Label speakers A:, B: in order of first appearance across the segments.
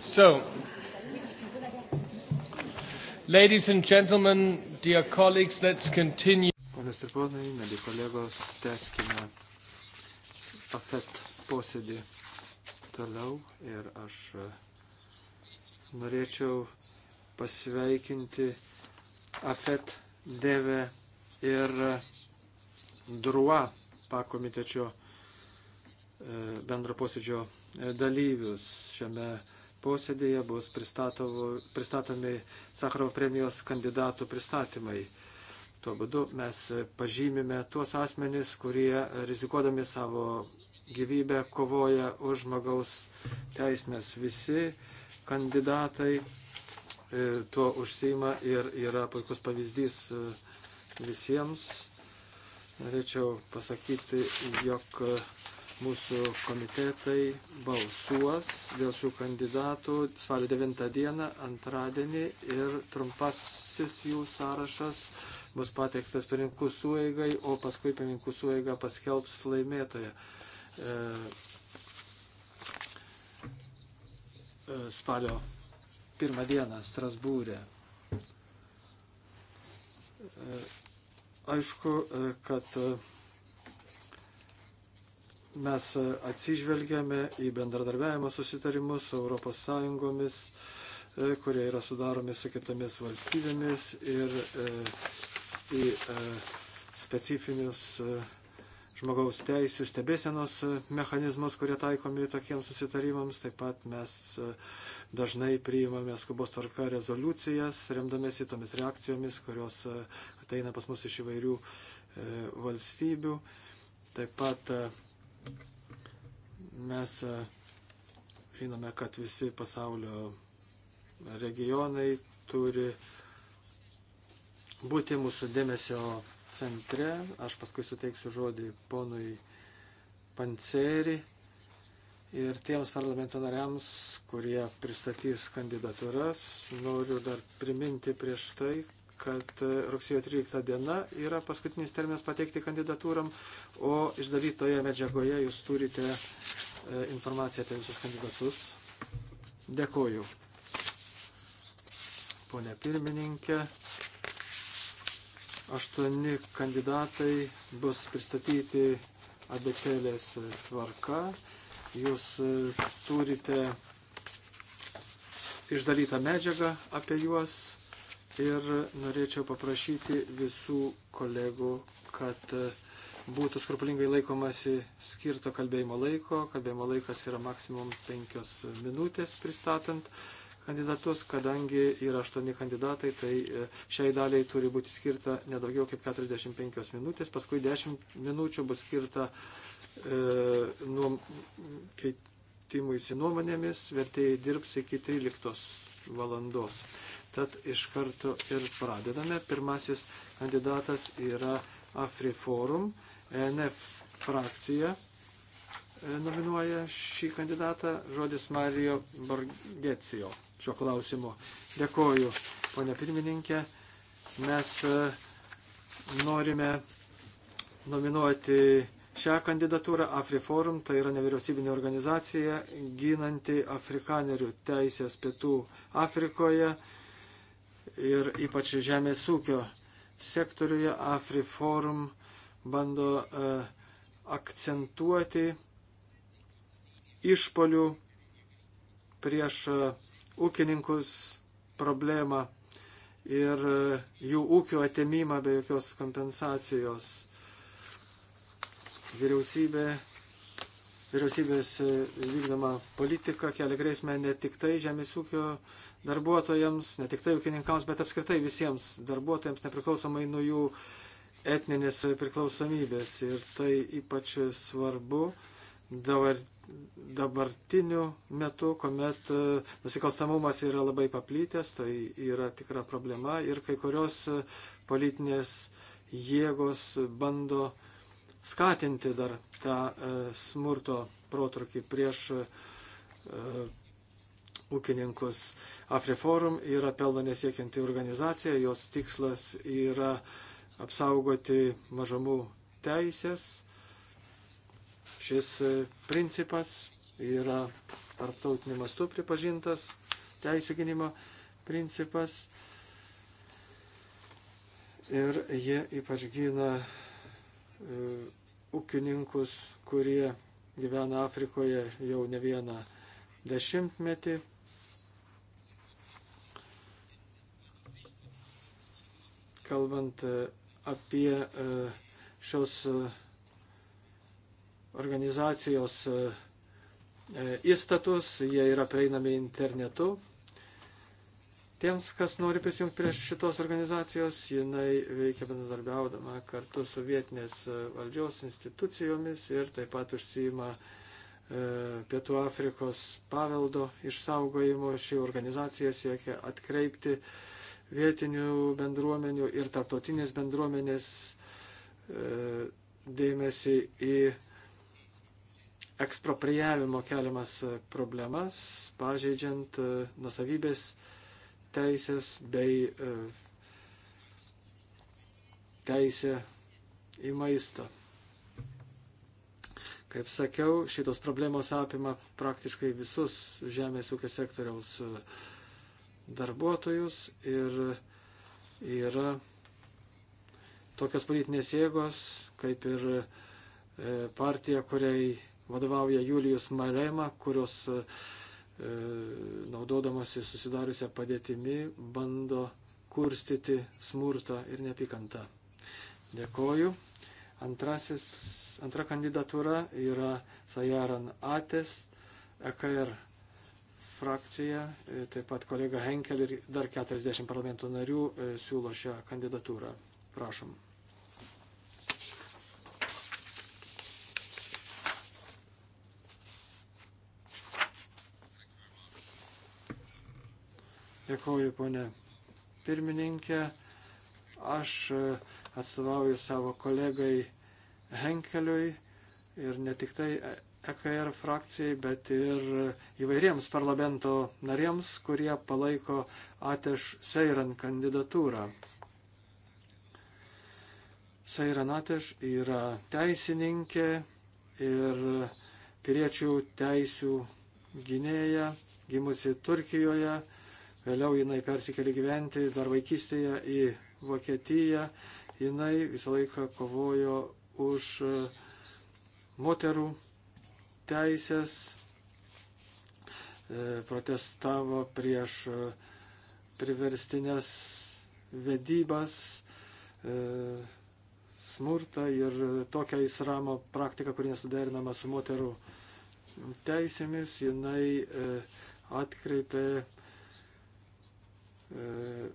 A: So, ladies and gentlemen, dear colleagues, let's continue. Ponas ir ponai, mėly kolegos, teskime afet posėdį toliau ir aš e, norėčiau pasveikinti afet devę ir e, druą pakomitečio e, bendro posėdžio dalyvius šiame posėdėje bus pristatomi Sakarovo premijos kandidatų pristatymai. Tuo būdu mes pažymime tuos asmenys, kurie rizikuodami savo gyvybę kovoja už žmogaus teismės. Visi kandidatai e, tuo užsima ir yra puikus pavyzdys e, visiems. Norėčiau pasakyti, jog Mūsų komitetai balsuos dėl šių kandidatų spalio 9 dieną, antradienį ir trumpasis jų sąrašas bus pateiktas pirmininkų suėgai, o paskui pirmininkų suėga paskelbs laimėtoją. E, e, spalio pirmą dieną Strasbūrė. E, aišku, e, kad mes e, atsižvelgiame į bendradarbiavimo susitarimus su Europos Sąjungomis, e, kurie yra sudaromi su kitomis valstybėmis ir e, į specifinius žmogaus teisų stebėsenos mechanizmus, kurie taikomi tokiems susitarimams. Taip pat mes dažnai priimame skubos tvarka rezoliucijas, remdamėsi tomis reakcijomis, kurios ateina pas mus iš įvairių valstybių. Taip pat Mes e, žinome, kad visi pasaulio regionai turi būti mūsų dėmesio centre. Aš paskui suteiksiu žodį ponui Panceri ir tiems parlamento nariams, kurie pristatys kandidatūras. Noriu dar priminti prieš tai, kad e, rugsėjo 13 diena yra paskutinis terminas pateikti kandidatūram, o išdalytoje medžiagoje jūs turite e, informaciją apie visus kandidatus. Dėkoju. Pone pirmininkė, aštuoni kandidatai bus pristatyti abecelės tvarka. Jūs e, turite išdalytą medžiagą apie juos ir norėčiau paprašyti visų kolegų, kad būtų skrupulingai laikomasi skirto kalbėjimo laiko. Kalbėjimo laikas yra maksimum 5 minutės pristatant kandidatus, kadangi yra 8 kandidatai, tai e, šiai daliai turi būti skirta nedaugiau kaip 45 minutės, paskui 10 minučių bus skirta e, nuom, keitimuisi nuomonėmis, vertėjai dirbs iki 13 valandos. Tad iš karto ir pradedame. Pirmasis kandidatas yra AfriForum. ENF frakcija e, nominuoja šį kandidatą. Žodis Mario Borgecijo šio klausimo. Dėkoju, ponė pirmininkė. Mes e, norime nominuoti šią kandidatūrą AfriForum, tai yra nevyriausybinė organizacija ginanti afrikanerių teisės pietų Afrikoje ir ypač žemės ūkio sektoriuje AfriForum bando e, akcentuoti išpolių prieš e, ūkininkus problemą ir e, jų ūkio atėmimą be jokios kompensacijos. Vyriausybė vyriausybės e, vykdoma politika kelia grėsmę ne tik tai žemės ūkio darbuotojams, ne tik tai ūkininkams, bet apskritai visiems darbuotojams, nepriklausomai nuo jų etninės priklausomybės. Ir tai ypač svarbu dabar, dabartiniu metu, kuomet e, nusikalstamumas yra labai paplytęs, tai yra tikra problema ir kai kurios e, politinės jėgos bando uh, skatinti dar tą e, smurto protrukį prieš e, ūkininkus. Afriforum yra pelno nesiekianti organizacija, jos tikslas yra apsaugoti mažamų teisės. Šis e, principas yra tarptautiniu mastu pripažintas teisų gynimo principas. Ir jie ypač gina ūkininkus, kurie gyvena Afrikoje jau ne vieną dešimtmetį. Kalbant e, apie e, šios e, organizacijos įstatus, jie yra prieinami internetu, Tiems, kas nori prisijungti prie šitos organizacijos, jinai veikia bendradarbiaudama kartu su vietinės e, valdžios institucijomis ir taip pat užsijima e, Pietų Afrikos paveldo išsaugojimo. Ši organizacija siekia atkreipti vietinių bendruomenių ir tarptautinės bendruomenės e, dėmesį į eksproprijavimo keliamas problemas, pažeidžiant nusavybės teisės bei e, teisę į maistą. Kaip sakiau, šitos problemos apima praktiškai visus žemės ūkio sektoriaus e, darbuotojus ir yra tokios politinės jėgos, kaip ir e, partija, kuriai vadovauja Julijus Malema, kurios uh, E, naudodamasi susidariusią padėtimi, bando kurstyti smurtą ir nepykantą. Dėkoju. Antrasis, antra kandidatūra yra Sajaran Ates, EKR frakcija, e, taip pat kolega Henkel ir dar 40 parlamento narių e, siūlo šią kandidatūrą. Prašom. Dėkuoju, ponė pirmininkė. Aš e, atstovauju savo kolegai Henkeliui ir ne tik tai EKR frakcijai, bet ir e, įvairiems parlamento narėms, kurie palaiko Ateš Seiran kandidatūrą. Seiran Ateš yra teisininkė ir piliečių teisių gynėja, gimusi Turkijoje Vėliau jinai persikėlė gyventi dar vaikystėje į Vokietiją. Jinai visą laiką kovojo už e, moterų teisės, e, protestavo prieš e, priverstinės vedybas, smurtą ir tokią įsramo praktiką, kuri nesuderinama su moterų teisėmis. Jinai atkreipė E,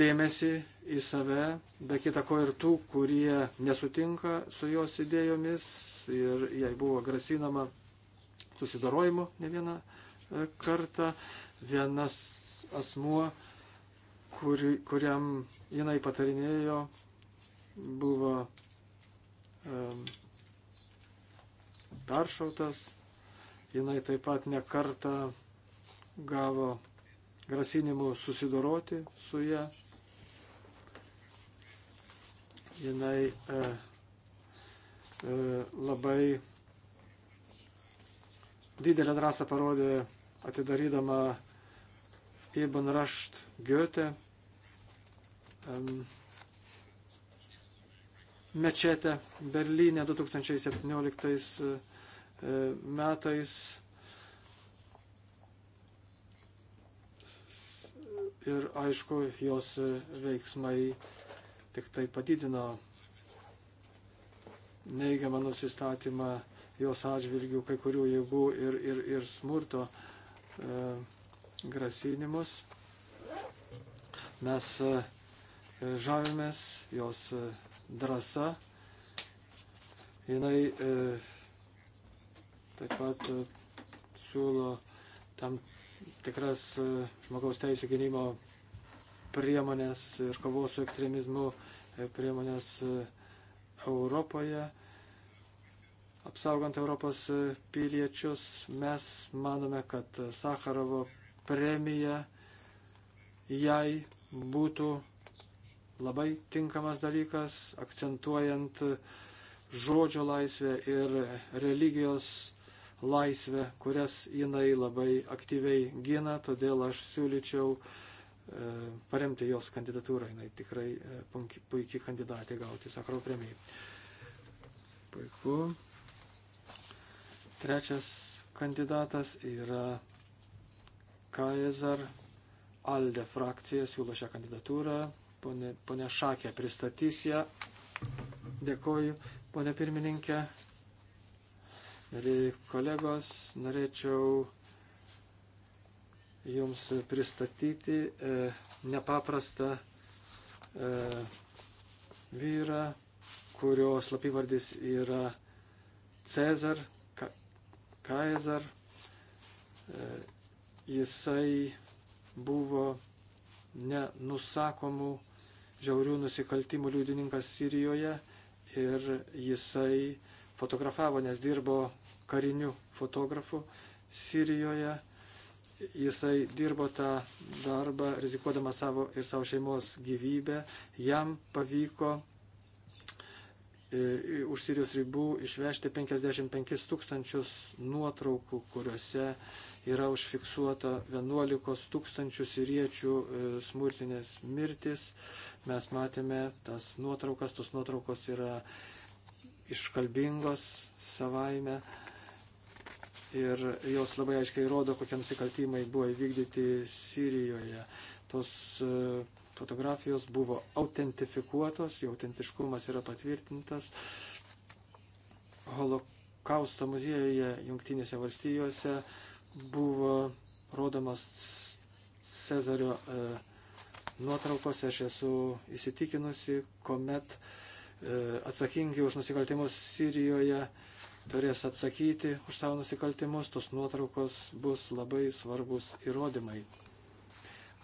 A: dėmesį į save, be kita ko ir tų, kurie nesutinka su jos idėjomis ir jai buvo grasinama susidarojimu ne vieną e, kartą. Vienas asmuo, kuri, kuriam jinai patarinėjo, buvo um, peršautas. Jinai taip pat nekarta gavo grasinimų susidoroti su ją. Jinai e, e, labai didelę drąsą parodė atidarydama Ibn Rašt Goethe mečetę Berlyne 2017 e, metais ir aišku, jos veiksmai tik tai padidino neigiamą nusistatymą jos atžvilgių kai kurių jėgų ir, ir, ir smurto e, grasinimus. Mes e, žavimės jos e, drąsa. Jinai e, taip pat e, siūlo tam tikras e, žmogaus teisų gynimo priemonės ir kovos su ekstremizmu e, priemonės e, Europoje. Apsaugant Europos piliečius, mes manome, kad Sakarovo premija jai būtų labai tinkamas dalykas, akcentuojant žodžio laisvę ir religijos laisvę, kurias jinai labai aktyviai gina, todėl aš siūlyčiau e, paremti jos kandidatūrą. Jinai tikrai e, puikiai kandidatė gauti Sakro premijai. Puiku. Trečias kandidatas yra Kaezar Alde frakcija siūlo šią kandidatūrą. Pone, pone Šakė pristatys ją. Dėkoju, pone pirmininkė. Mėlyje kolegos, norėčiau Jums pristatyti e, nepaprastą e, vyrą, kurio slapyvardis yra Cezar, Ka Kaizar. E, jisai buvo nenusakomų žiaurių nusikaltimų liudininkas Sirijoje ir jisai fotografavo, nes dirbo kariniu fotografu Sirijoje. Jisai dirbo tą darbą, rizikuodama savo ir savo šeimos gyvybę. Jam pavyko e, už Sirijos ribų išvežti 55 tūkstančius nuotraukų, kuriuose yra užfiksuota 11 tūkstančių siriečių e, smurtinės mirtis. Mes matėme tas nuotraukas, tos nuotraukos yra iškalbingos savaime ir jos labai aiškiai rodo, kokie nusikaltimai buvo įvykdyti Sirijoje. Tos e, fotografijos buvo autentifikuotos, jų autentiškumas yra patvirtintas. Holokausto muziejuje Junktinėse valstijose buvo rodomas Cezario e, nuotraukos, aš esu įsitikinusi, kuomet e, E, atsakingi už nusikaltimus Sirijoje turės atsakyti už savo nusikaltimus, tos nuotraukos bus labai svarbus įrodymai.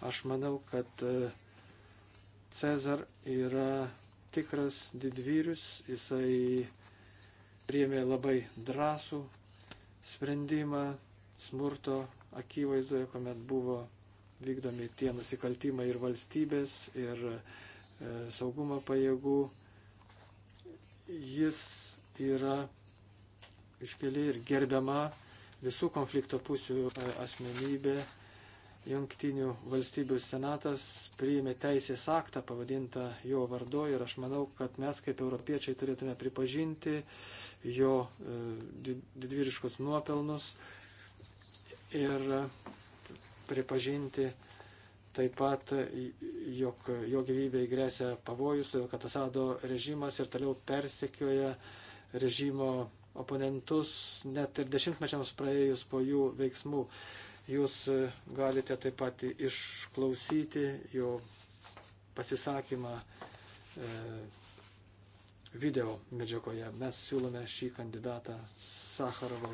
A: Aš manau, kad e, Cezar yra tikras didvyrius, jisai priemė labai drąsų sprendimą smurto akivaizdoje, kuomet buvo vykdomi tie nusikaltimai ir valstybės, ir e, saugumo pajėgų jis yra iškeli ir gerbiama visų konflikto pusių e, asmenybė. Junktinių valstybių senatas priėmė teisės aktą pavadintą jo vardu ir aš manau, kad mes kaip europiečiai turėtume pripažinti jo e, didvyriškus nuopelnus ir pripažinti taip pat, jog jo gyvybei grėsia pavojus, todėl kad Asado režimas ir toliau persekioja režimo oponentus, net ir dešimtmečiams praėjus po jų veiksmų. Jūs galite taip pat išklausyti jo pasisakymą e, video medžiagoje. Mes siūlome šį kandidatą Sakarovo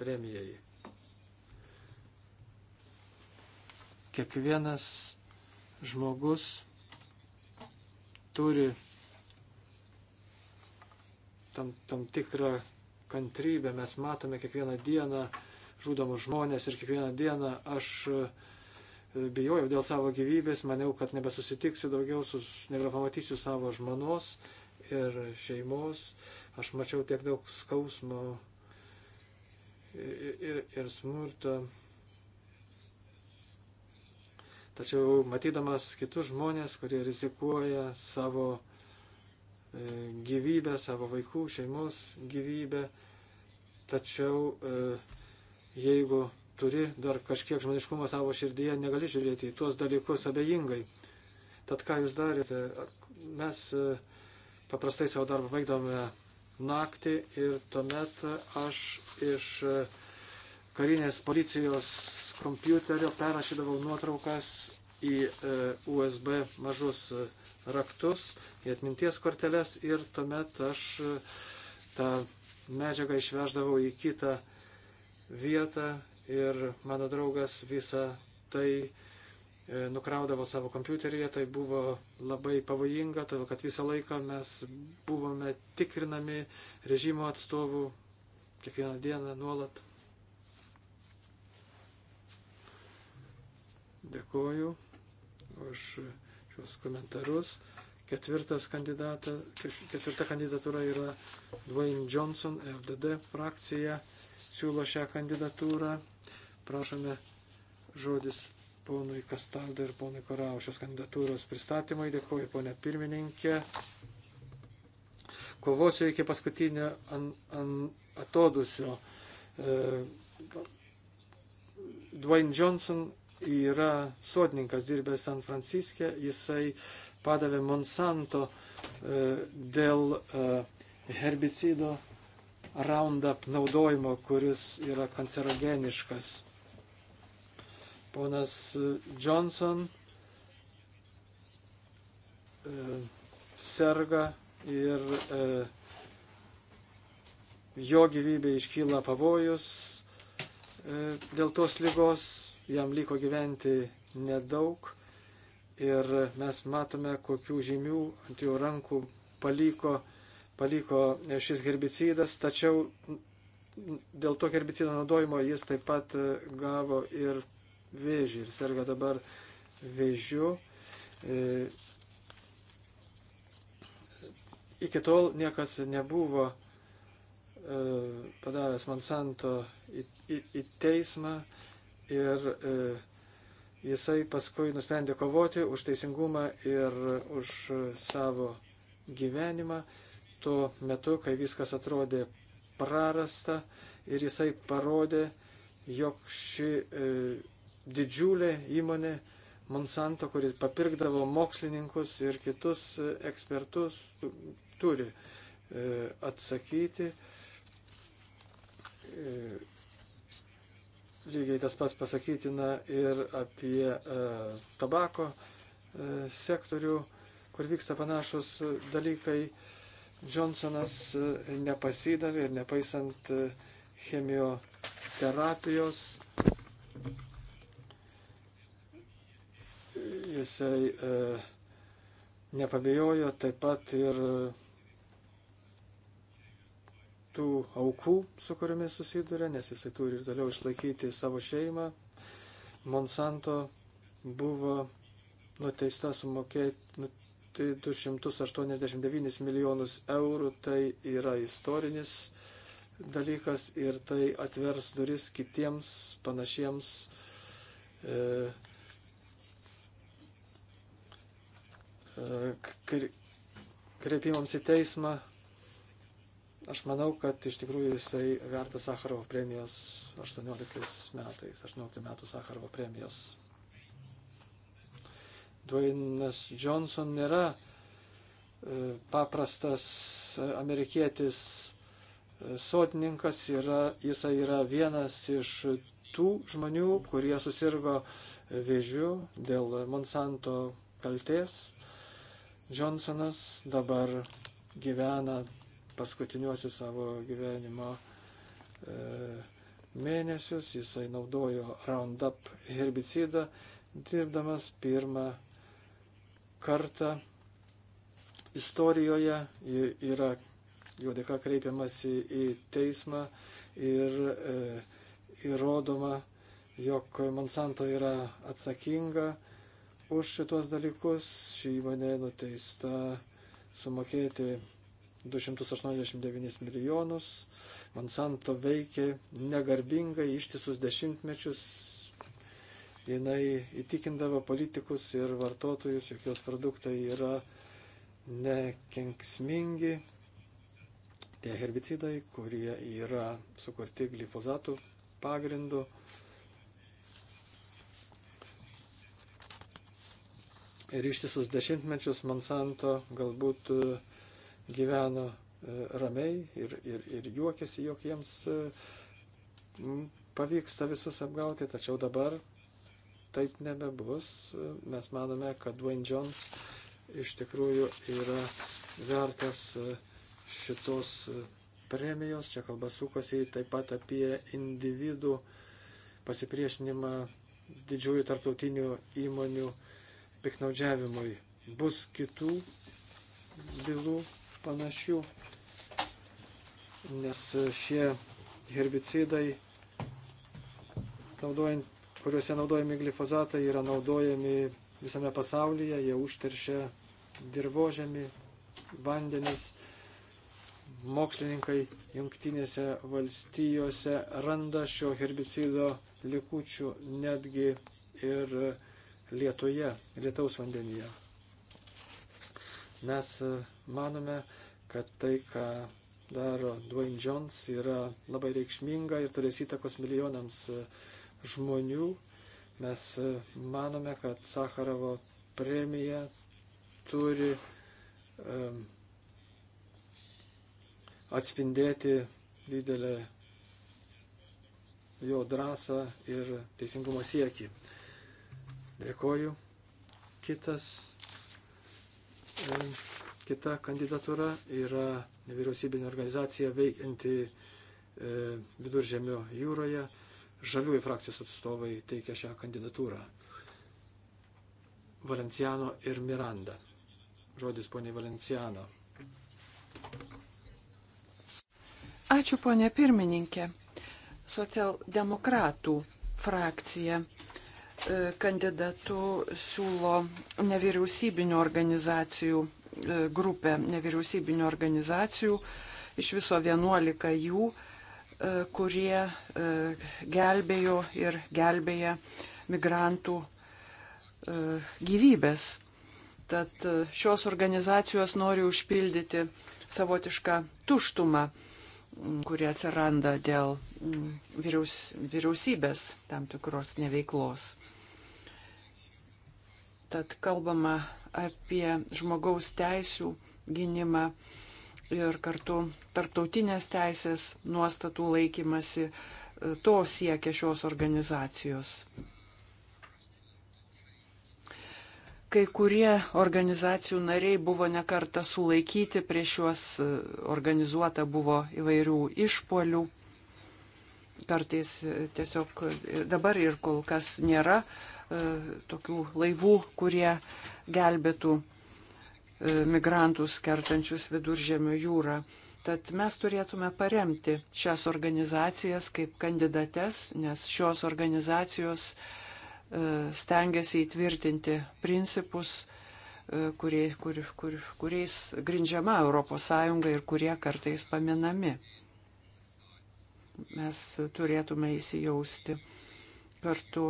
A: premijai. Kiekvienas žmogus turi tam, tam tikrą kantrybę. Mes matome kiekvieną dieną žudomus žmonės ir kiekvieną dieną aš e, bijojau dėl savo gyvybės, maniau, kad nebesusitiksiu daugiau, sus, nebepamatysiu savo žmonos ir šeimos. Aš mačiau tiek daug skausmo ir, ir, ir smurto Tačiau matydamas kitus žmonės, kurie rizikuoja savo e, gyvybę, savo vaikų, šeimos gyvybę, tačiau e, jeigu turi dar kažkiek žmoniškumo savo širdyje, negali žiūrėti į tuos dalykus abejingai. Tad ką jūs darėte? Mes e, paprastai savo darbą baigdavome naktį ir tuomet aš iš karinės policijos kompiuterio perrašydavau nuotraukas į e, USB mažus e, raktus, į atminties korteles ir tuomet aš e, tą medžiagą išveždavau į kitą vietą ir mano draugas visą tai nukraudavo savo kompiuteryje, tai buvo labai pavojinga, todėl kad visą laiką mes buvome tikrinami režimo atstovų kiekvieną dieną nuolat. Dėkoju už šios komentarus. Ketvirtas kandidata, ketvirta kandidatūra yra Dwayne Johnson, FDD frakcija siūlo šią kandidatūrą. Prašome žodis ponui Kastaldo ir ponui Korau šios kandidatūros pristatymui. Dėkuoju, ponė pirmininkė. Kovosiu iki paskutinio an, an atodusio. E, Dwayne Johnson yra sodininkas dirbęs San Franciske, jisai padavė Monsanto e, dėl e, herbicido Roundup naudojimo, kuris yra kancerogeniškas. Ponas e, Johnson serga ir jo gyvybė iškyla pavojus dėl tos lygos jam liko gyventi nedaug ir mes matome, kokių žymių ant jų rankų paliko, paliko šis herbicidas, tačiau dėl to herbicido naudojimo jis taip pat gavo ir vėžį ir serga dabar vėžiu. E, iki tol niekas nebuvo e, padavęs Monsanto į, į, į teismą, ir e, jisai paskui nusprendė kovoti už teisingumą ir už savo gyvenimą tuo metu, kai viskas atrodė prarasta ir jisai parodė, jog ši e, didžiulė įmonė Monsanto, kuris papirkdavo mokslininkus ir kitus e, ekspertus, turi e, atsakyti. E, Lygiai tas pats pasakytina ir apie e, tabako e, sektorių, kur vyksta panašus dalykai. Johnsonas e, nepasidavė ir nepaisant e, chemioterapijos jisai e, nepabijojo taip pat ir tų aukų, su kuriomis susiduria, nes jisai turi ir toliau išlaikyti savo šeimą. Monsanto buvo nuteista sumokėti nu, tai 289 milijonus eurų, tai yra istorinis dalykas ir tai atvers duris kitiems panašiems e, e, kreipimams į teismą Aš manau, kad iš tikrųjų jisai vertas Sakarovo premijos 18 metais, 18 metų Sakarovo premijos. Dwayne'as Johnson nėra e, paprastas amerikietis e, sodininkas, yra, jisai yra vienas iš tų žmonių, kurie susirgo vėžių dėl Monsanto kalties. Johnsonas dabar gyvena paskutiniuosius savo gyvenimo e, mėnesius. Jisai naudojo Roundup herbicidą, dirbdamas pirmą kartą istorijoje. Yra jo dėka kreipiamasi į teismą ir e, įrodoma, jog Monsanto yra atsakinga už šitos dalykus. Ši įmonė nuteista sumokėti 289 milijonus. Monsanto veikė negarbingai ištisus dešimtmečius. Jinai įtikindavo politikus ir vartotojus, jog jos produktai yra nekenksmingi. Tie herbicidai, kurie yra sukurti glifozatų pagrindu, ir ištisus dešimtmečius Monsanto galbūt uh, gyveno e, ramiai ir, ir, ir juokėsi, jog jiems e, pavyksta visus apgauti, tačiau dabar taip nebebus. E, mes manome, kad Dwayne Jones iš tikrųjų yra vertas šitos premijos. Čia kalba sukosi taip pat apie individų pasipriešinimą didžiųjų tarptautinių įmonių piknaudžiavimui. Bus kitų bylų, panašių, nes šie herbicidai, naudojant, kuriuose naudojami glifozatai, yra naudojami visame pasaulyje, jie užteršia dirbožemį, vandenis. Mokslininkai jungtinėse valstijose randa šio herbicido likučių netgi ir lietuje, lietaus vandenyje. Mes manome, kad tai, ką daro Dwayne Jones, yra labai reikšminga ir turės įtakos milijonams e, žmonių. Mes e, manome, kad Sakarovo premija turi um, atspindėti didelę jo drąsą ir teisingumo siekį. Dėkoju. Kitas. Um, Kita kandidatūra yra nevyriausybinė organizacija veikianti e, viduržėmio jūroje. Žaliųjų frakcijos atstovai teikia šią kandidatūrą. Valenciano ir Miranda. Žodis poniai Valenciano.
B: Ačiū ponė pirmininkė. Socialdemokratų frakcija e, kandidatu siūlo nevyriausybinių organizacijų E, grupė nevyriausybinių organizacijų, iš viso 11 jų, e, kurie e, gelbėjo ir gelbėja migrantų gyvybės. Tad šios organizacijos nori užpildyti savotišką tuštumą, kuri atsiranda dėl vyriaus, vyriausybės tam tikros neveiklos. Tad kalbama apie žmogaus teisų gynimą ir kartu tarptautinės teisės nuostatų laikymasi. E, to siekia šios organizacijos. Kai kurie organizacijų nariai buvo nekarta sulaikyti, prieš juos e, organizuota buvo įvairių išpolių. Kartais e, tiesiog dabar ir kol kas nėra uh, E, tokių laivų, kurie gelbėtų e, migrantus kertančius viduržėmio jūrą. Tad mes turėtume paremti šias organizacijas kaip kandidates, nes šios organizacijos e, stengiasi įtvirtinti principus, kurie, kur, kur, kuriais grindžiama ES ir kurie kartais paminami. Mes turėtume įsijausti kartu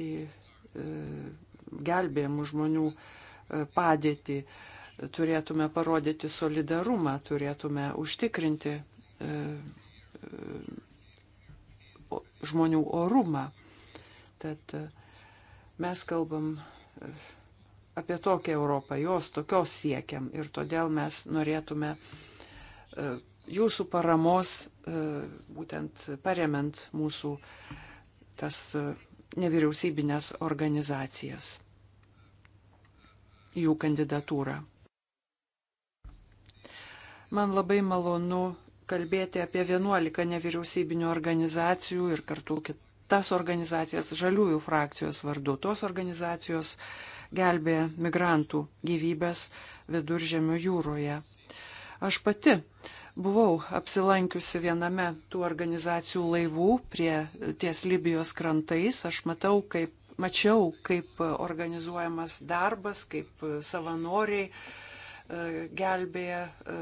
B: į E, gelbėjimų žmonių e, padėtį. Turėtume parodyti solidarumą, turėtume užtikrinti e, žmonių orumą. Tad mes kalbam apie tokią Europą, jos tokios siekiam ir todėl mes norėtume jūsų paramos, būtent paremant mūsų tas nevyriausybinės organizacijas, jų kandidatūrą. Man labai malonu kalbėti apie 11 nevyriausybinių organizacijų ir kartu kitas organizacijas žaliųjų frakcijos vardu. Tos organizacijos gelbė migrantų gyvybės viduržėmio jūroje. Aš pati uh, buvau apsilankiusi viename tų organizacijų laivų prie ties Libijos krantais. Aš matau, kaip, mačiau, kaip organizuojamas darbas, kaip savanoriai e, gelbėja e,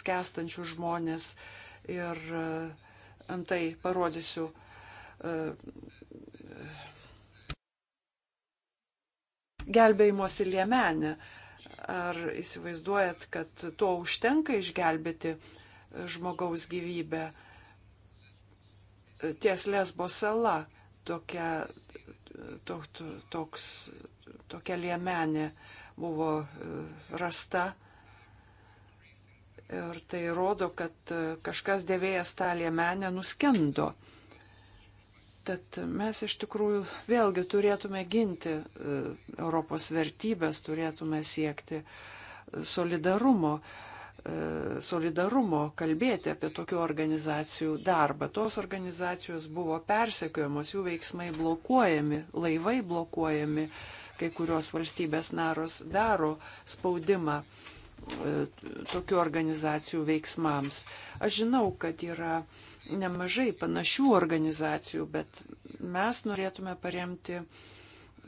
B: skęstančių žmonės. Ir e, antai parodysiu gelbėjimosi liemenę. Ar įsivaizduojat, kad to užtenka išgelbėti žmogaus gyvybę. Ties Lesbo sala tokia, to, to, toks, tokia liemenė buvo e, rasta. Ir tai rodo, kad e, kažkas dėvėjęs tą liemenę nuskendo. Tad mes iš tikrųjų vėlgi turėtume ginti e, Europos vertybės, turėtume siekti solidarumo solidarumo kalbėti apie tokių organizacijų darbą. Tos organizacijos buvo persekiojamos, jų veiksmai blokuojami, laivai blokuojami, kai kurios valstybės naros daro spaudimą e, tokių organizacijų veiksmams. Aš žinau, kad yra nemažai panašių organizacijų, bet mes norėtume paremti uh,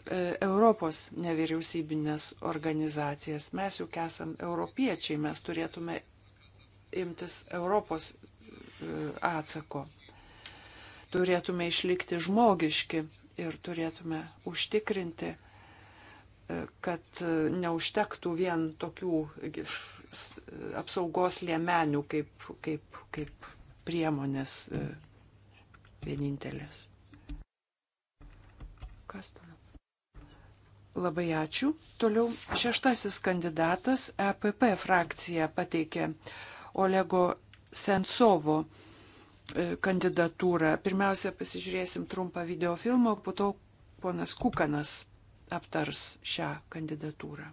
B: E, Europos nevyriausybinės organizacijas. Mes juk esam europiečiai, mes turėtume imtis Europos e, atsako. Turėtume išlikti žmogiški ir turėtume užtikrinti, e, kad neužtektų vien tokių apsaugos liemenių kaip, kaip, kaip priemonės vienintelės. Kas tu? Labai ačiū. Toliau šeštasis kandidatas EPP frakcija pateikė Olego Sensovo e, kandidatūrą. Pirmiausia, pasižiūrėsim trumpą videofilmą, po to ponas Kukanas aptars šią kandidatūrą.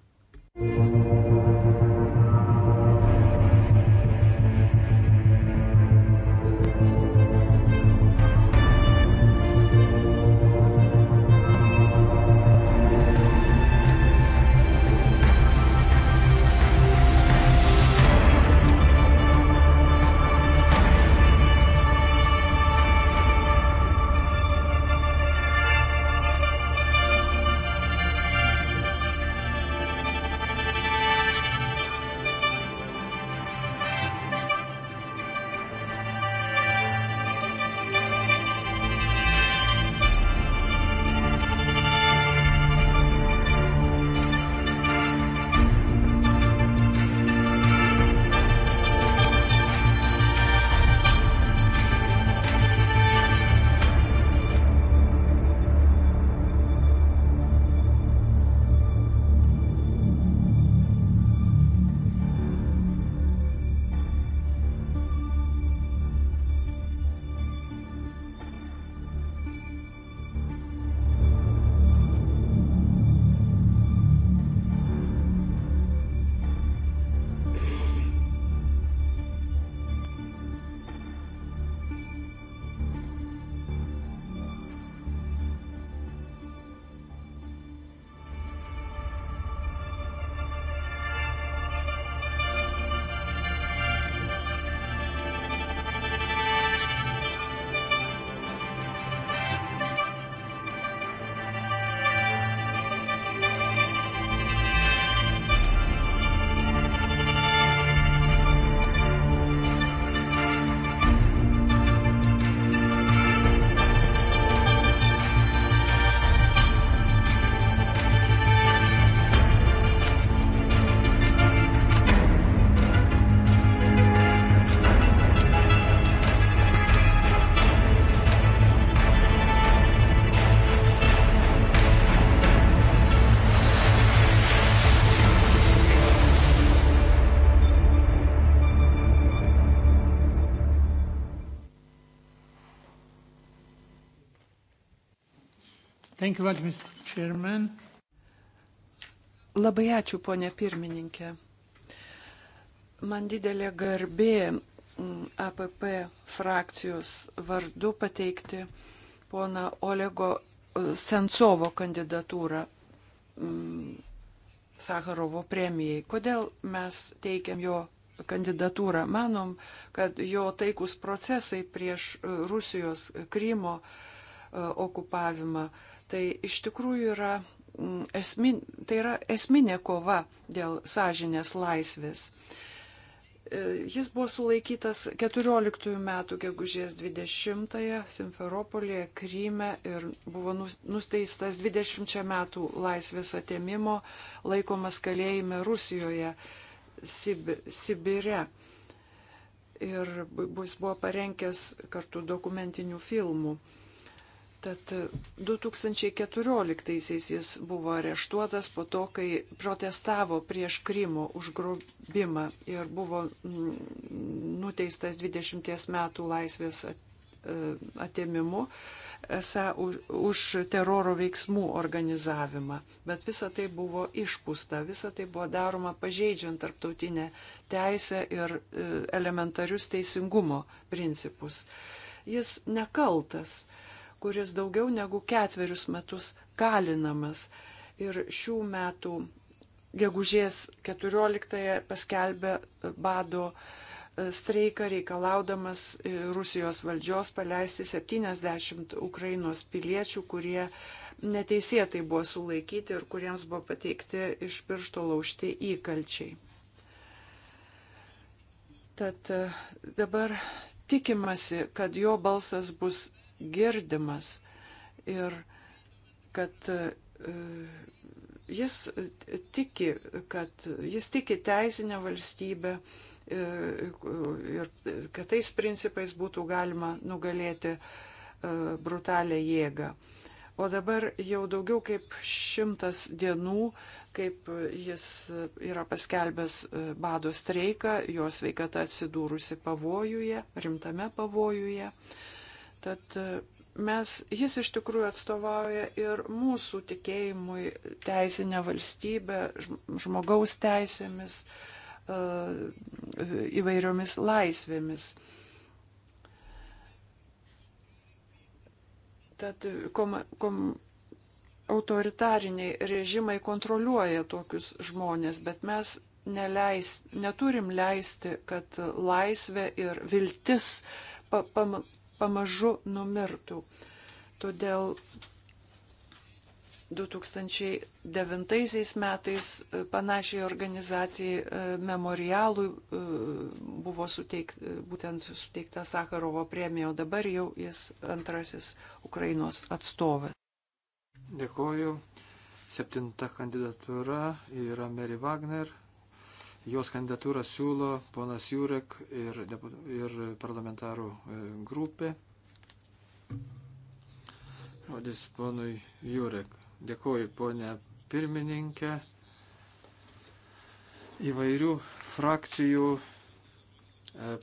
B: Thank you very much, Mr. Chairman. Labai ačiū, ponė pirmininkė. Man didelė garbė mm, APP frakcijos vardu pateikti pona Olego e, Sencovo kandidatūrą mm, Sakarovo premijai. Kodėl mes teikiam jo kandidatūrą? Manom, kad jo taikus procesai prieš e, Rusijos Krymo e, okupavimą Tai iš tikrųjų yra, mm, esmin, tai yra esminė kova dėl sąžinės laisvės. E, jis buvo sulaikytas 14 metų gegužės 20-ąją Simferopolėje, Kryme ir buvo nusteistas 20 metų laisvės atėmimo, laikomas kalėjime Rusijoje, Sib Sibire. Ir jis buvo parengęs kartu dokumentinių filmų. Tad 2014 e, jis buvo areštuotas po to, kai protestavo prieš Krymo užgrobimą ir buvo mm, nuteistas 20 metų laisvės e, atėmimu, esą už, už teroro veiksmų organizavimą. Bet visa tai buvo išpūsta, visa tai buvo daroma pažeidžiant tarptautinę teisę ir e, elementarius teisingumo principus. Jis nekaltas kuris daugiau negu ketverius metus kalinamas. Ir šių metų gegužės 14-ąją paskelbė bado e, streiką reikalaudamas e, Rusijos valdžios paleisti 70 Ukrainos piliečių, kurie neteisėtai buvo sulaikyti ir kuriems buvo pateikti iš piršto laužti įkalčiai. Tad e, dabar tikimasi, kad jo balsas bus girdimas ir kad e, jis tiki, kad jis tiki teisinę valstybę e, ir kad tais principais būtų galima nugalėti e, brutalią jėgą. O dabar jau daugiau kaip šimtas dienų, kaip jis yra paskelbęs bado streiką, jo sveikata atsidūrusi pavojuje, rimtame pavojuje. Tad e, mes, jis iš tikrųjų atstovauja ir mūsų tikėjimui teisinę valstybę, žmogaus teisėmis, e, įvairiomis laisvėmis. Tad kom, kom, autoritariniai režimai kontroliuoja tokius žmonės, bet mes neleis, neturim leisti, kad laisvė ir viltis pa, pa, pamažu numirtų. Todėl 2009 metais panašiai organizacijai e, memorialui e, buvo suteik, e, būtent suteikta Sakarovo premija, o dabar jau jis antrasis Ukrainos atstovas.
A: Dėkuoju. Septinta kandidatūra yra Mary Wagner, Jos kandidatūrą siūlo ponas Jurek ir, ir parlamentarų e, grupė. Odis ponui Jurek. Dėkuoju, ponė pirmininkė. Įvairių frakcijų e,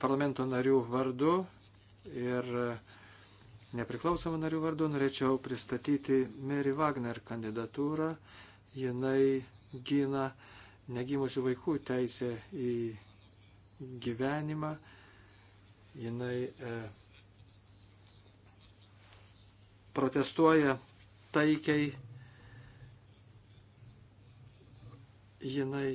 A: parlamento narių vardu ir e, nepriklausomų narių vardu norėčiau pristatyti Mary Wagner kandidatūrą. Jinai gina negimusių vaikų teisė į gyvenimą, jinai e, protestuoja taikiai, jinai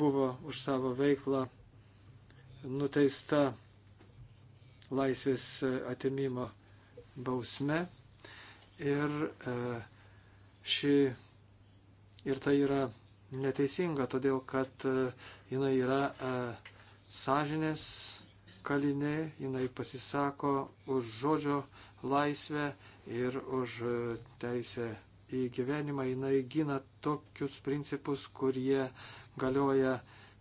A: buvo už savo veiklą nuteista laisvės e, atimimo bausme ir e, Ši ir tai yra neteisinga, todėl kad e, jinai yra e, sąžinės kalinė, jinai pasisako už žodžio laisvę ir už e, teisę į gyvenimą, jinai gina tokius principus, kurie galioja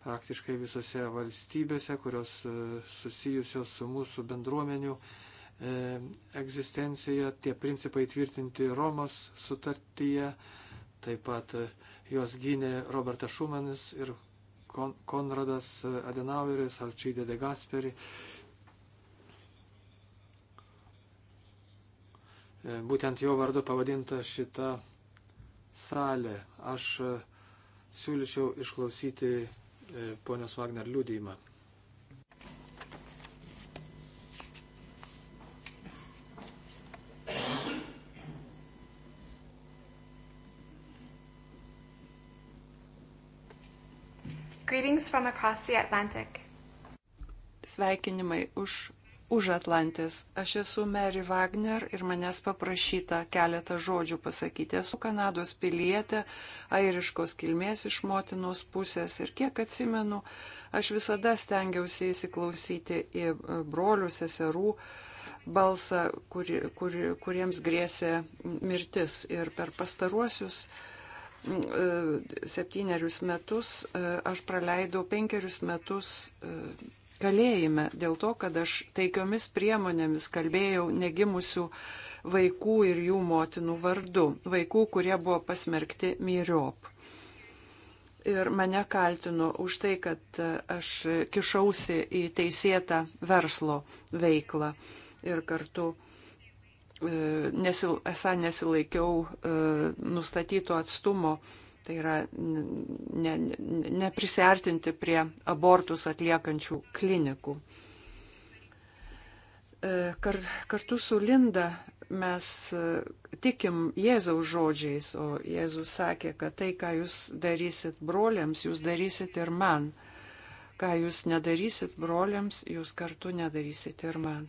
A: praktiškai visose valstybėse, kurios susijusios su mūsų bendruomenių E, egzistenciją, tie principai tvirtinti Romos sutartyje, taip pat e, juos gynė Robertas Šumanis ir Konradas Adenaueris, Alčydė de Gasperi. E, būtent jo vardu pavadinta šita salė. Aš siūlyčiau išklausyti ponios Wagner liūdėjimą.
B: Greetings from across the Atlantic. Sveikinimai už, už Atlantės. Aš esu Mary Wagner ir manęs paprašyta keletą žodžių pasakyti. Esu Kanados pilietė, airiškos kilmės iš motinos pusės ir kiek atsimenu, aš visada stengiausi įsiklausyti į e, brolių, seserų balsą, kur, kur, kuriems grėsė mirtis. Ir per pastaruosius uh, E, septynerius metus e, aš praleidau penkerius metus e, kalėjime dėl to, kad aš taikiomis priemonėmis kalbėjau negimusių vaikų ir jų motinų vardu, vaikų, kurie buvo pasmerkti myriop. Ir mane kaltino už tai, kad aš kišausi į teisėtą verslo veiklą ir kartu uh, E, nesil, esą nesilaikiau e, nustatyto atstumo, tai yra ne, ne, neprisartinti prie abortus atliekančių klinikų. E, kar, kartu su Linda mes tikim Jėzaus žodžiais, o Jėzus sakė, kad tai, ką jūs darysit broliams, jūs darysit ir man. Ką jūs nedarysit broliams, jūs kartu nedarysit ir man.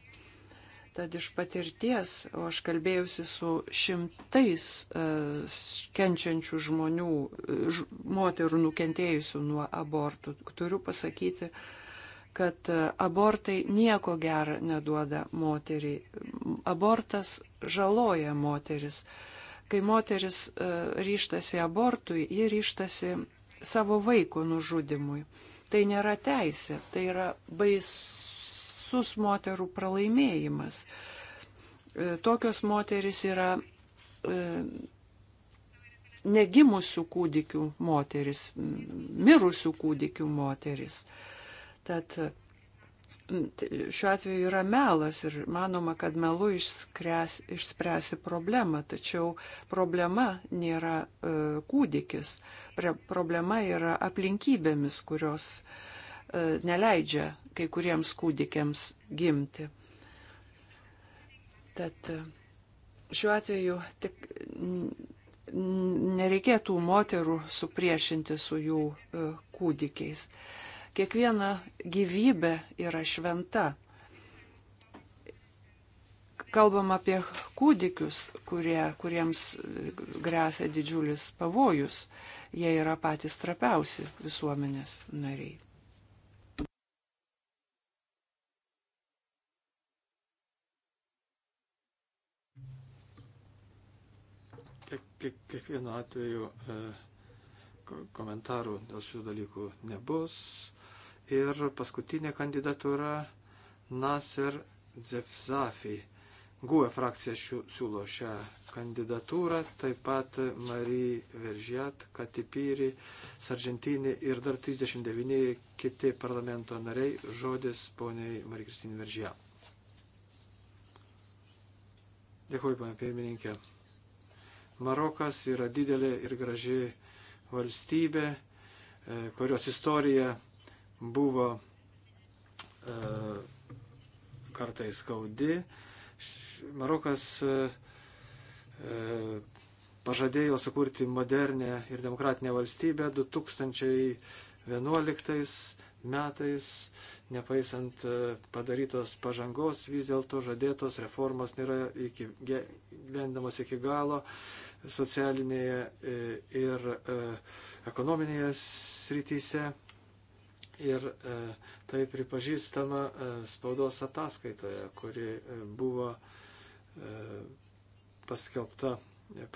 B: Tad iš patirties, o aš kalbėjusi su šimtais e, kenčiančių žmonių, e, moterų nukentėjusių nuo abortų, turiu pasakyti, kad e, abortai nieko gero neduoda moteriai. Abortas žaloja moteris. Kai moteris ryštasi abortui, ji ryštasi savo vaiko nužudimui. Tai nėra teisė, tai yra baisus baisus moterų pralaimėjimas. E, tokios moteris yra e, negimusių kūdikių moteris, mirusių kūdikių moteris. Tad e, šiuo atveju yra melas ir manoma, kad melu išskręs, išspręsi problemą, tačiau problema nėra e, kūdikis, Pre, problema yra aplinkybėmis, kurios e, neleidžia kai kuriems kūdikiams gimti. Tad e, šiuo atveju tik nereikėtų moterų supriešinti su jų e, kūdikiais. Kiekviena gyvybė yra šventa. Kalbam apie kūdikius, kurie, kuriems grėsia didžiulis pavojus. Jie yra patys trapiausi visuomenės nariai.
A: kiekvienu atveju e, komentarų dėl šių dalykų nebus. Ir paskutinė kandidatūra Nasir Dzefzafi. GUE frakcija šiu, siūlo šią kandidatūrą, taip pat Marija Veržiat, Katipyri, Sargentinė ir dar 39 kiti parlamento nariai. Žodis poniai Marija Kristinė Veržiat. Dėkuoju, pana pirmininkė. Marokas yra didelė ir graži valstybė, e, kurios istorija buvo e, kartais skaudi. Marokas e, pažadėjo sukurti modernę ir demokratinę valstybę 2011 metais, nepaisant e, padarytos pažangos, vis dėlto žadėtos reformos nėra iki, gyvendamos iki galo socialinėje e, ir e, ekonominėje srityse. Ir tai pripažįstama spaudos ataskaitoje, kuri buvo paskelbta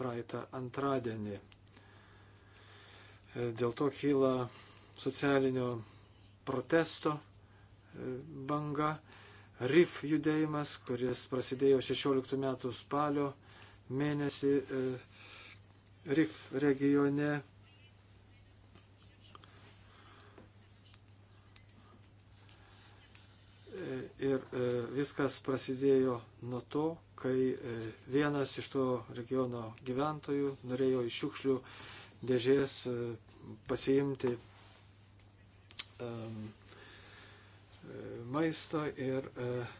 A: praeitą antradienį. Dėl to kyla socialinio protesto e, banga, RIF judėjimas, kuris prasidėjo 16 metų spalio mėnesį e, RIF regione. E, ir viskas prasidėjo nuo to, kai vienas iš to regiono gyventojų norėjo iš šiukšlių dėžės pasiimti um, maisto ir uh,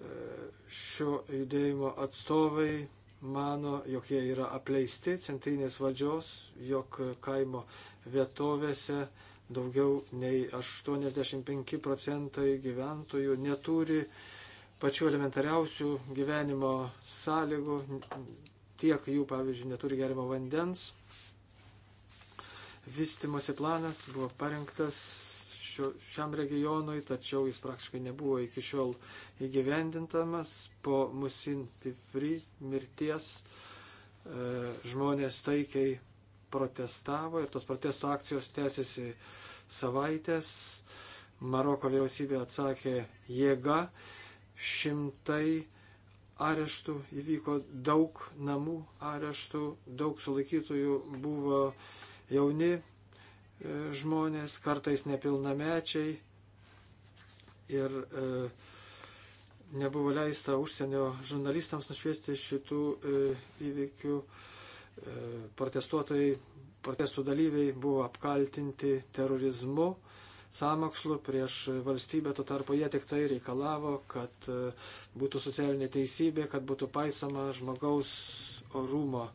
A: uh šio judėjimo atstovai mano, jog jie yra apleisti centrinės valdžios, jog kaimo vietovėse daugiau nei 85 procentai gyventojų neturi pačių elementariausių gyvenimo sąlygų, tiek jų, pavyzdžiui, neturi gerimo vandens, vystimosi planas buvo parengtas šio, šiam regionui, tačiau jis praktiškai nebuvo iki šiol įgyvendintamas. Po Musin Pifri mirties e, žmonės taikiai protestavo ir tos protesto akcijos tęsiasi savaitės. Maroko vyriausybė atsakė jėga, šimtai areštų įvyko, daug namų areštų, daug sulaikytųjų buvo e, jauni e, žmonės, kartais nepilnamečiai ir e, nebuvo leista užsienio žurnalistams nušviesti šitų e, įvykių. E, protestuotojai, protestų dalyviai buvo apkaltinti terorizmu, samokslu prieš valstybę, tuo tarpu jie tik tai reikalavo, kad e, būtų socialinė teisybė, kad būtų paisoma žmogaus orumo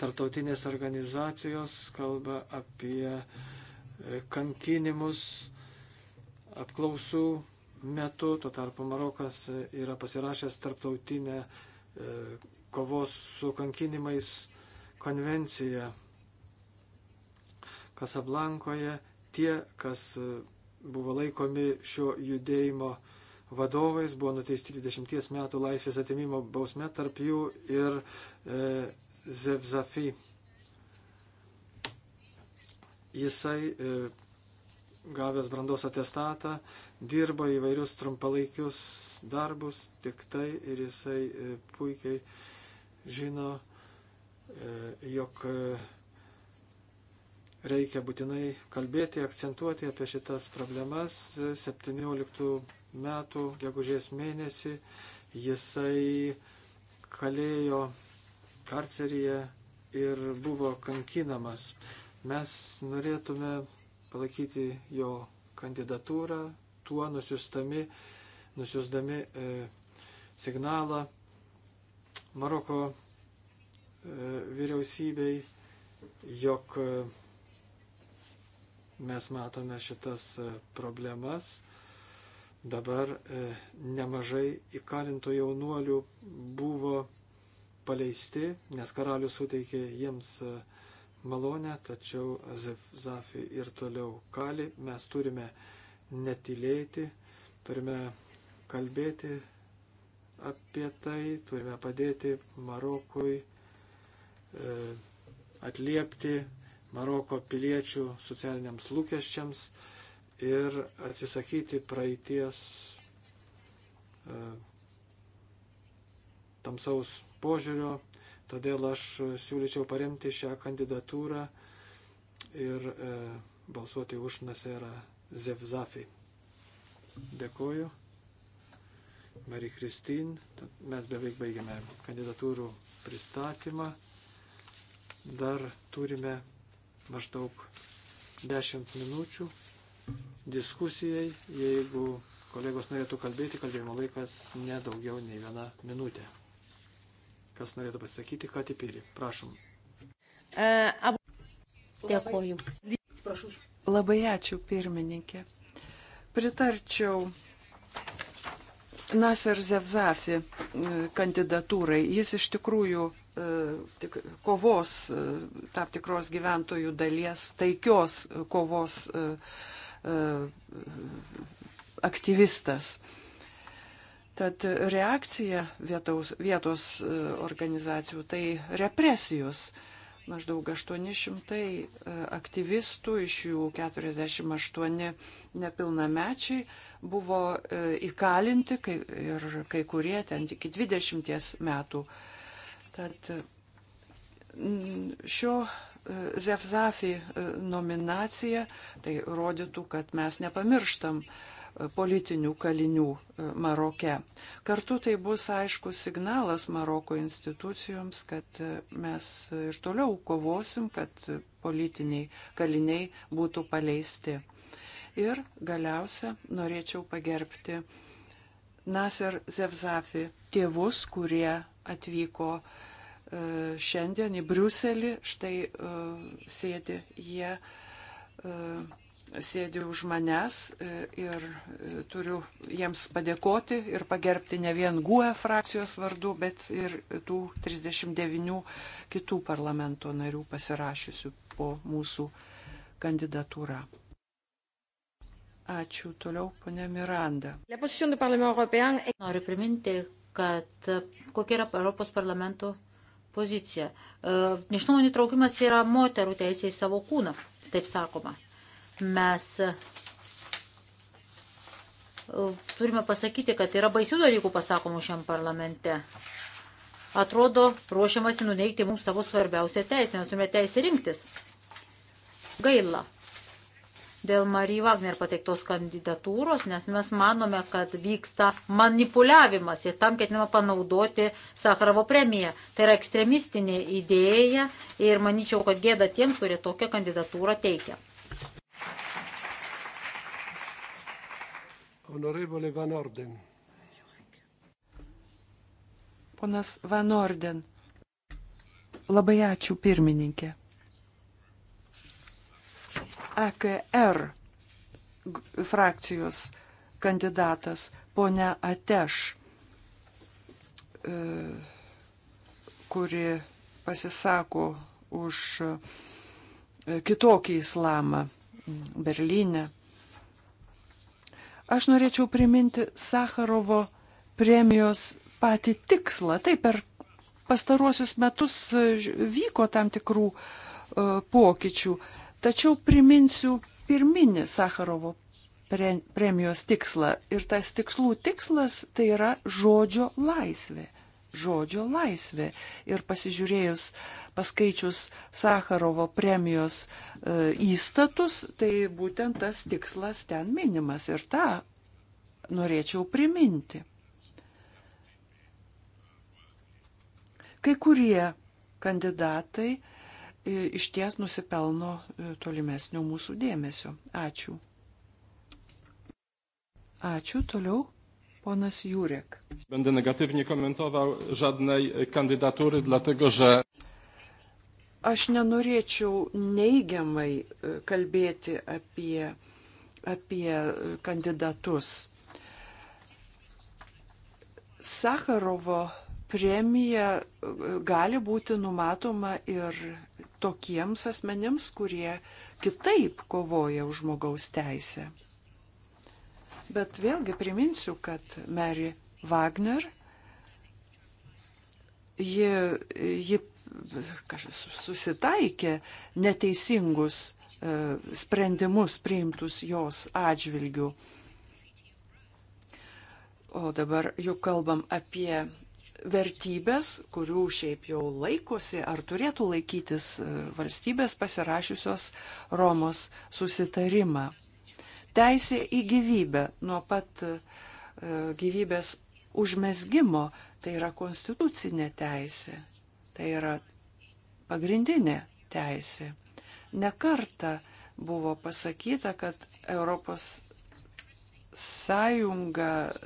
A: tartautinės organizacijos kalba apie e, kankinimus apklausų metu. Tuo tarpu Marokas e, yra pasirašęs tarptautinę e, kovos su kankinimais konvenciją. Kasablankoje tie, kas buvo laikomi šio judėjimo vadovais, buvo nuteisti 20 metų laisvės atimimo bausme, tarp jų ir e, Zevzafī. Jisai e, gavęs brandos atestatą, dirbo įvairius trumpalaikius darbus tik tai ir jisai e, puikiai žino, e, jog reikia būtinai kalbėti, akcentuoti apie šitas problemas. 17 metų, gegužės mėnesį, jisai kalėjo karceryje ir buvo kankinamas. Mes norėtume palaikyti jo kandidatūrą, tuo nusiustami, nusiustami e, signalą Maroko e, vyriausybei, jog e, mes matome šitas e, problemas dabar e, nemažai įkalintų jaunuolių buvo paleisti, nes karalius suteikė jiems e, malonę, tačiau Zafi ir toliau kali. Mes turime netilėti, turime kalbėti apie tai, turime padėti Marokui e, atliepti Maroko piliečių socialiniams lūkesčiams ir atsisakyti praeities e, tamsaus požiūrio, todėl aš siūlyčiau paremti šią kandidatūrą ir e, balsuoti už Naserą Zevzafį. Dėkoju. Mary Kristin, mes beveik baigėme kandidatūrų pristatymą. Dar turime maždaug 10 minučių diskusijai. Jeigu kolegos norėtų kalbėti, kalbėjimo laikas nedaugiau nei viena minutė kas norėtų pasakyti, ką tipyri. Prašom.
C: E, Dėkoju.
B: Labai ačiū, pirmininkė. Pritarčiau Nasser Zevzafi e, kandidatūrai. Jis iš tikrųjų e, tik, kovos tam tikros gyventojų dalies, taikios kovos aktyvistas. Tad e, reakcija vietos, vietos e, organizacijų tai represijos. Maždaug 800 e, aktyvistų, iš jų 48 nepilnamečiai buvo įkalinti kai, ir kai kurie ten iki 20 metų. Tad šio Zefzafi nominacija tai rodytų, kad mes nepamirštam uh, politinių kalinių e, Maroke. Kartu tai bus aiškus signalas Maroko institucijoms, kad e, mes e, ir toliau kovosim, kad politiniai kaliniai būtų paleisti. Ir galiausia norėčiau pagerbti Nasser Zevzafi tėvus, kurie atvyko šiandien į Briuselį, štai sėdi jie sėdi už manęs e, ir e, turiu jiems padėkoti ir pagerbti ne vien GUE frakcijos vardu, bet ir tų 39 kitų parlamento narių pasirašysių po mūsų kandidatūrą.
C: Ačiū. Toliau, ponė Miranda. Noriu priminti, kad e, kokia yra Europos parlamento pozicija. Nešnumo įtraukimas yra moterų teisė į savo kūną, taip sakoma mes e, turime pasakyti, kad yra baisių dalykų pasakomų šiam parlamente. Atrodo, ruošiamasi nuneikti mums savo svarbiausią teisę, mes turime teisę rinktis. Gaila dėl Marijai Wagner pateiktos kandidatūros, nes mes manome, kad vyksta manipuliavimas ir tam ketinama panaudoti Sakarovo premiją. Tai yra ekstremistinė idėja ir manyčiau, kad gėda tiems, kurie tokią kandidatūrą teikia.
A: Honorevole Van Orden.
B: Ponas Van Orden. Labai ačiū pirmininkė. EKR frakcijos kandidatas ponia Ateš, e, kuri pasisako už e, kitokį islamą Berlyne. Aš norėčiau priminti Sakarovo premijos patį tikslą. Taip, per pastaruosius metus vyko tam tikrų e, pokyčių, tačiau priminsiu pirminį Sakarovo premijos tikslą. Ir tas tikslų tikslas tai yra žodžio laisvė žodžio laisvė. Ir pasižiūrėjus, paskaičius Sakarovo premijos e, įstatus, tai būtent tas tikslas ten minimas ir tą norėčiau priminti. Kai kurie kandidatai e, iš ties nusipelno e, tolimesnio mūsų dėmesio. Ačiū. Ačiū toliau. Ponas Jurek.
A: Będę negatywnie komentował żadnej kandydatury, dlatego że.
B: Aš nenorėčiau neigiamai e, kalbėti apie, apie kandidatus. Sakarovo premija e, gali būti numatoma ir tokiems asmenims, kurie kitaip kovoja už žmogaus teisę. Bet vėlgi priminsiu, kad Mary Wagner, ji, ji kažkas, susitaikė neteisingus e, sprendimus priimtus jos atžvilgių. O dabar jau kalbam apie vertybės, kurių šiaip jau laikosi ar turėtų laikytis e, valstybės pasirašiusios Romos susitarimą. Teisė į gyvybę nuo pat e, gyvybės užmesgimo tai yra konstitucinė teisė, tai yra pagrindinė teisė. Nekarta buvo pasakyta, kad Europos sąjunga eh,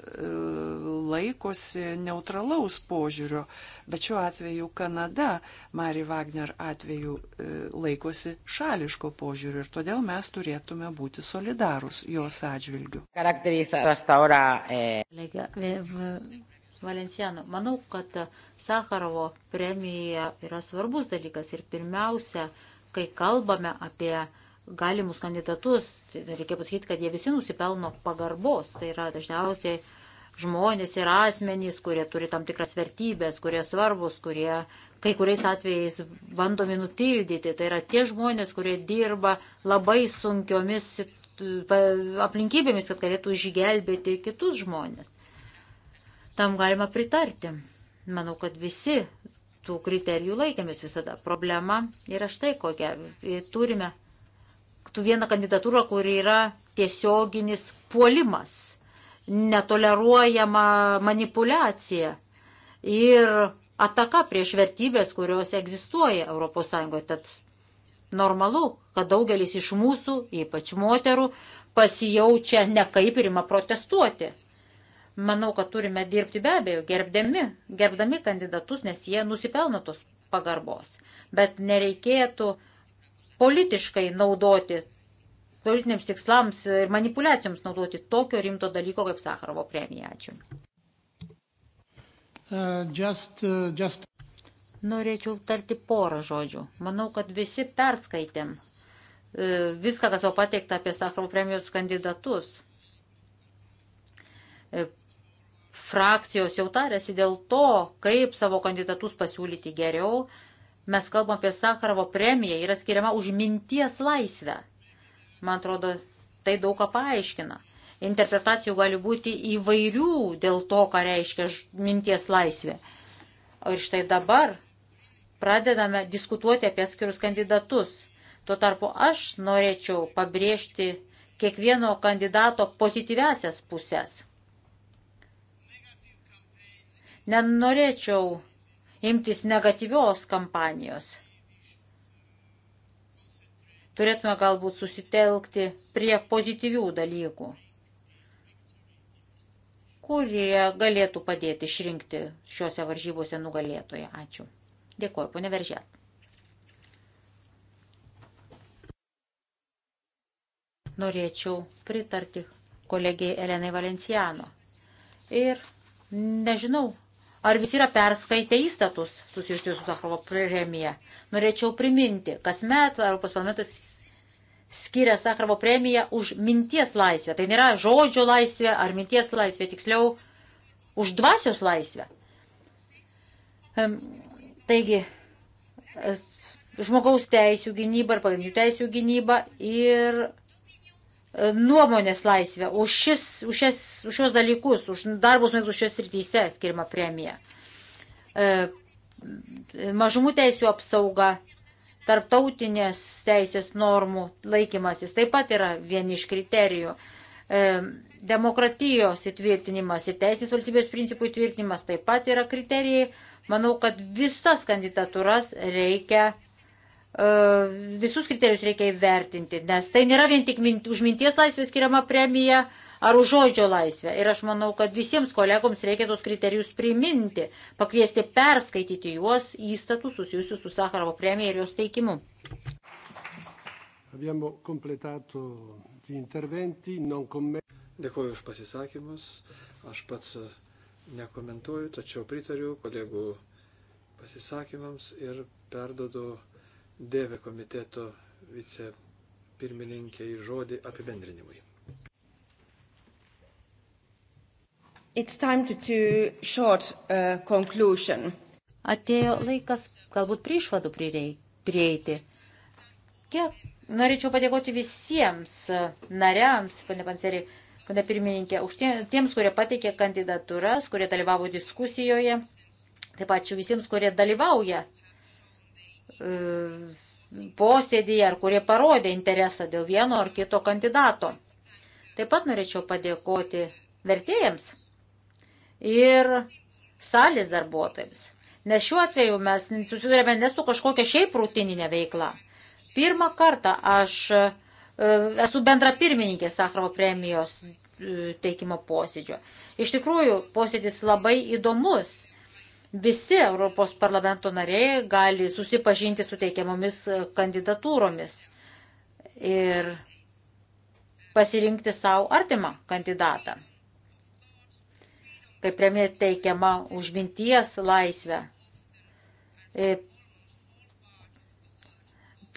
B: laikosi neutralaus požiūrio, bet šiuo atveju Kanada, Mari Wagner atveju, eh, laikosi šališko požiūrio ir todėl mes turėtume būti solidarūs jos atžvilgiu.
C: Eh, Valenciano, manau, kad Sakarovo premija yra svarbus dalykas ir pirmiausia, kai kalbame apie galimus kandidatus. Reikia pasakyti, kad jie visi nusipelno pagarbos. Tai yra dažniausiai žmonės ir asmenys, kurie turi tam tikras vertybės, kurie svarbus, kurie kai kuriais atvejais bandomi nutildyti. Tai yra tie žmonės, kurie dirba labai sunkiomis aplinkybėmis, kad galėtų išgelbėti kitus žmonės. Tam galima pritarti. Manau, kad visi tų kriterijų laikėmės visada. Problema yra štai kokia. Turime vieną kandidatūrą, kur yra tiesioginis puolimas, netoleruojama manipulacija ir ataka prieš vertybės, kurios egzistuoja ES. Tad normalu, kad daugelis iš mūsų, ypač moterų, pasijaučia nekaip ir ima protestuoti. Manau, kad turime dirbti be abejo, gerbdami, gerbdami kandidatus, nes jie nusipelno tos pagarbos. Bet nereikėtų uh, politiškai naudoti, politiniams tikslams ir manipulacijoms naudoti tokio rimto dalyko kaip Sakarovo premija. Ačiū. Uh, just, uh, just... Norėčiau tarti porą žodžių. Manau, kad visi perskaitėm uh, viską, kas jau pateikta apie Sakarovo premijos kandidatus uh, frakcijos jau tarėsi dėl to, kaip savo kandidatus pasiūlyti geriau, Mes kalbam apie Sakarovo premiją, yra skiriama už minties laisvę. Man atrodo, tai daug ką paaiškina. Interpretacijų gali būti įvairių dėl to, ką reiškia minties laisvė. Ir štai dabar pradedame diskutuoti apie atskirus kandidatus. Tuo tarpu aš norėčiau pabrėžti kiekvieno kandidato pozityvesias pusės. Nenorėčiau imtis negatyvios kampanijos. Turėtume galbūt susitelkti prie pozityvių dalykų, kurie galėtų padėti išrinkti šiuose varžybose nugalėtoje. Ačiū. Dėkuoju, ponė Veržė. Norėčiau pritarti kolegijai Elenai Valenciano. Ir nežinau, ar visi yra perskaitę įstatus susijusius su Sakrovo premija. Norėčiau priminti, kasmet Europos parlamentas skiria Sakrovo premiją už minties laisvę. Tai nėra žodžio laisvė ar minties laisvė, tiksliau už dvasios laisvę. Taigi, žmogaus teisų gynyba ir pagrindinių teisų gynyba ir nuomonės laisvę, už, šis, už, šias, už šios dalykus, už darbus nuveiktus šios rytyse skirima premija. E, mažumų teisų apsauga, tarptautinės teisės normų laikymasis taip pat yra vieni iš kriterijų. E, demokratijos įtvirtinimas ir teisės valstybės principų įtvirtinimas taip pat yra kriterijai. Manau, kad visas kandidatūras reikia E, visus kriterijus reikia įvertinti, nes tai nėra vien tik mint, už minties laisvę skiriama premija ar už žodžio laisvę. Ir aš manau, kad visiems kolegoms reikia tos kriterijus priminti, pakviesti perskaityti juos įstatus susijusius su Sakarovo premija ir jos teikimu.
A: Dėkuoju už pasisakymus. Aš pats e, nekomentuoju, tačiau pritariu kolegų pasisakymams ir perdodu Dėvė komiteto vicepirmininkė į žodį apibendrinimui.
C: It's time to, to short uh, conclusion. Atėjo laikas, galbūt prie išvadų prieiti. Kiek norėčiau padėkoti visiems uh, nariams, pane Panseri, pane pirmininkė, už tie, tiems, kurie pateikė kandidatūras, kurie dalyvavo diskusijoje. Taip pačiu visiems, kurie dalyvauja posėdėje ar kurie parodė interesą dėl vieno ar kito kandidato. Taip pat norėčiau padėkoti vertėjams ir salės darbuotojams. Nes šiuo atveju mes susidurėme ne su kažkokia šiaip rutininė veikla. Pirmą kartą aš e, esu bendra pirmininkė Sakrovo premijos e, teikimo posėdžio. Iš tikrųjų, posėdis labai įdomus Visi Europos parlamento nariai gali susipažinti su teikiamomis e, kandidatūromis ir pasirinkti savo artimą kandidatą. Kai premija teikiama už minties laisvę, e,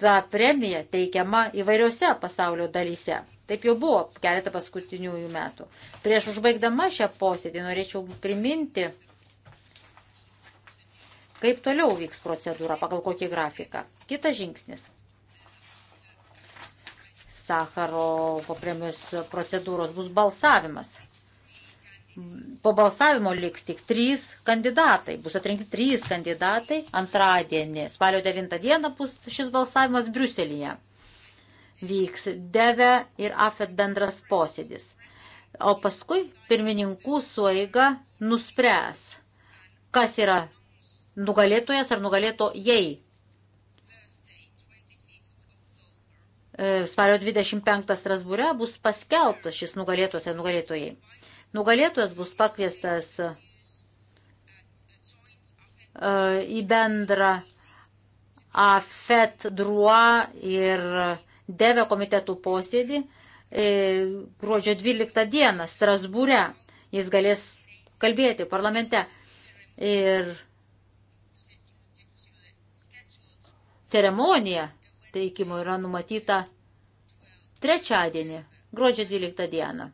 C: ta premija teikiama įvairiose pasaulio dalyse. Taip jau buvo keletą paskutiniųjų metų. Prieš užbaigdama šią posėdį norėčiau priminti, kaip toliau vyks procedūra, pagal kokį grafiką. Kitas žingsnis. Sakarovo premijos procedūros bus balsavimas. Po balsavimo liks tik trys kandidatai, bus atrinkti trys kandidatai antradienį. Spalio 9 dieną bus šis balsavimas Briuselėje. Vyks Deve ir Afet bendras posėdis. O paskui pirmininkų sueiga nuspręs, kas yra nugalėtojas ar nugalėtojai. E, Spario 25 Strasbūre bus paskelbtas šis nugalėtojas ir nugalėtojai. Nugalėtojas bus pakviestas e, į bendrą AFET druo ir DEVE komitetų posėdį e, gruodžio 12 dieną Strasbūre. Jis galės kalbėti parlamente. Ir ceremonija teikimo yra numatyta trečiadienį, gruodžio 12 dieną,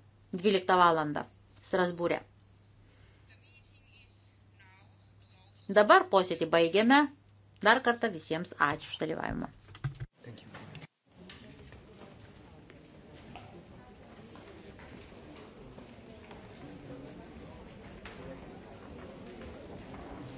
C: 12 valandą, Strasbūrė. Dabar posėdį baigiame. Dar kartą visiems ačiū už dalyvavimą.